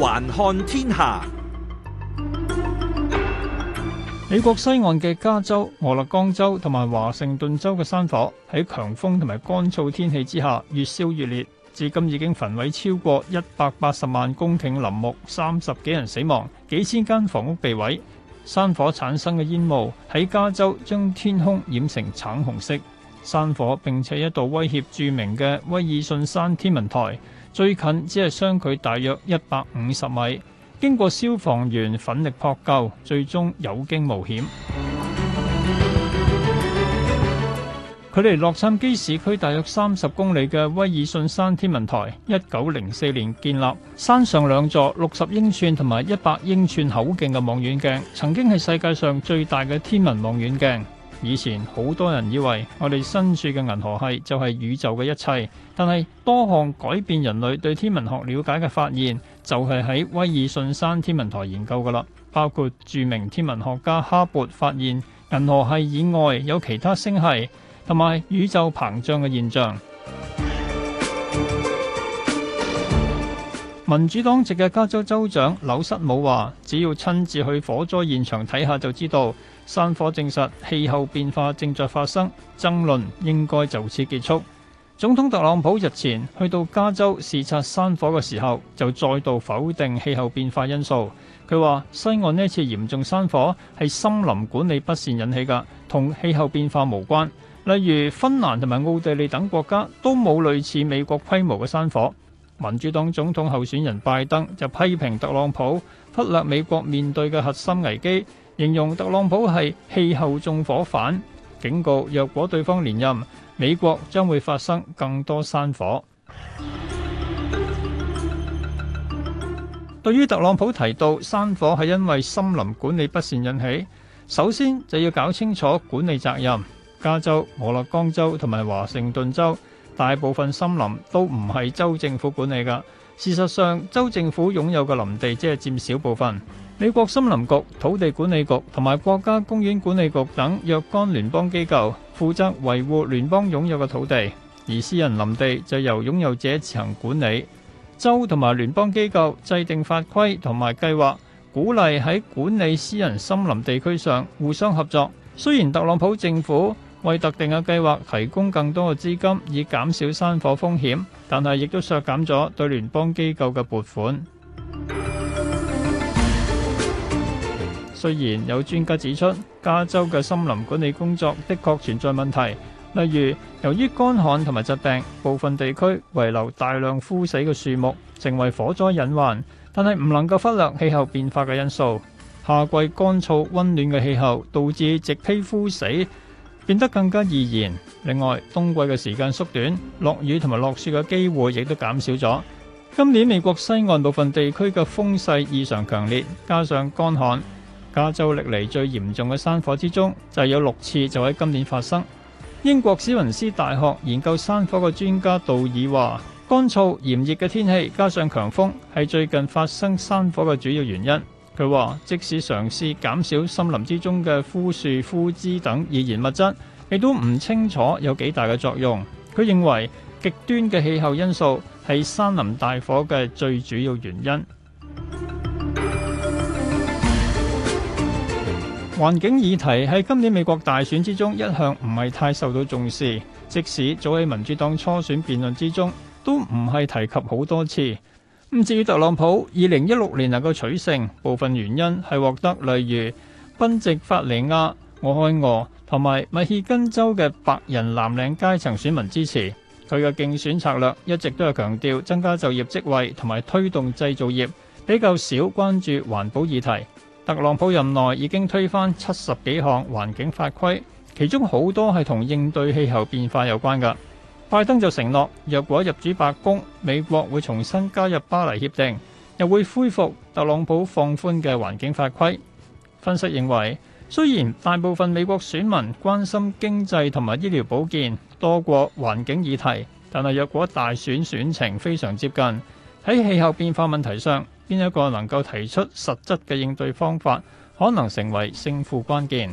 環看天下，美國西岸嘅加州、俄勒岡州同埋華盛頓州嘅山火喺強風同埋乾燥天氣之下越燒越烈，至今已經焚毀超過一百八十萬公頃林木，三十幾人死亡，幾千間房屋被毀。山火產生嘅煙霧喺加州將天空染成橙紅色。山火並且一度威脅著名嘅威爾遜山天文台，最近只係相距大約一百五十米。經過消防員奮力撲救，最終有驚無險。距離洛杉磯市區大約三十公里嘅威爾遜山天文台，一九零四年建立，山上兩座六十英寸同埋一百英寸口徑嘅望遠鏡，曾經係世界上最大嘅天文望遠鏡。以前好多人以為我哋身處嘅銀河系就係宇宙嘅一切，但係多項改變人類對天文學了解嘅發現，就係喺威爾遜山天文台研究噶啦，包括著名天文學家哈勃發現銀河系以外有其他星系，同埋宇宙膨脹嘅現象。民主黨籍嘅加州州長紐瑟姆話：只要親自去火災現場睇下就知道，山火證實氣候變化正在發生，爭論應該就此結束。總統特朗普日前去到加州視察山火嘅時候，就再度否定氣候變化因素。佢話：西岸呢次嚴重山火係森林管理不善引起嘅，同氣候變化無關。例如芬蘭同埋奧地利等國家都冇類似美國規模嘅山火。民主黨總統候選人拜登就批評特朗普忽略美國面對嘅核心危機，形容特朗普係氣候縱火犯，警告若果對方連任，美國將會發生更多山火。對於特朗普提到山火係因為森林管理不善引起，首先就要搞清楚管理責任。加州、俄勒岡州同埋華盛頓州，大部分森林都唔係州政府管理噶。事實上，州政府擁有嘅林地只係佔少部分。美國森林局、土地管理局同埋國家公園管理局等若干聯邦機構負責維護聯邦擁有嘅土地，而私人林地就由擁有者自行管理。州同埋聯邦機構制定法規同埋計劃鼓勵喺管理私人森林地區上互相合作。雖然特朗普政府為特定嘅計劃提供更多嘅資金，以減少山火風險，但係亦都削減咗對聯邦機構嘅撥款。 雖然有專家指出，加州嘅森林管理工作的確存在問題，例如由於乾旱同埋疾病，部分地區遺留大量枯死嘅樹木，成為火災隱患。但係唔能夠忽略氣候變化嘅因素，夏季乾燥温暖嘅氣候導致植被枯死。變得更加易燃。另外，冬季嘅時間縮短，落雨同埋落雪嘅機會亦都減少咗。今年美國西岸部分地區嘅風勢異常強烈，加上乾旱，加州歷嚟最嚴重嘅山火之中就是，有六次就喺今年發生。英國史文斯大學研究山火嘅專家道爾話：乾燥、炎熱嘅天氣加上強風係最近發生山火嘅主要原因。佢話：他說即使嘗試減少森林之中嘅枯樹、枯枝等易燃物質，亦都唔清楚有幾大嘅作用。佢認為極端嘅氣候因素係山林大火嘅最主要原因。環境議題喺今年美國大選之中一向唔係太受到重視，即使早喺民主黨初選辯論之中都唔係提及好多次。咁至於特朗普，二零一六年能夠取勝，部分原因係獲得例如賓夕法尼亞、俄亥俄同埋密歇根州嘅白人藍領階層選民支持。佢嘅競選策略一直都係強調增加就業職位同埋推動製造業，比較少關注環保議題。特朗普任內已經推翻七十幾項環境法規，其中好多係同應對氣候變化有關噶。拜登就承諾，若果入主白宮，美國會重新加入巴黎協定，又會恢復特朗普放寬嘅環境法規。分析認為，雖然大部分美國選民關心經濟同埋醫療保健多過環境議題，但係若果大選選情非常接近，喺氣候變化問題上，邊一個能夠提出實質嘅應對方法，可能成為勝負關鍵。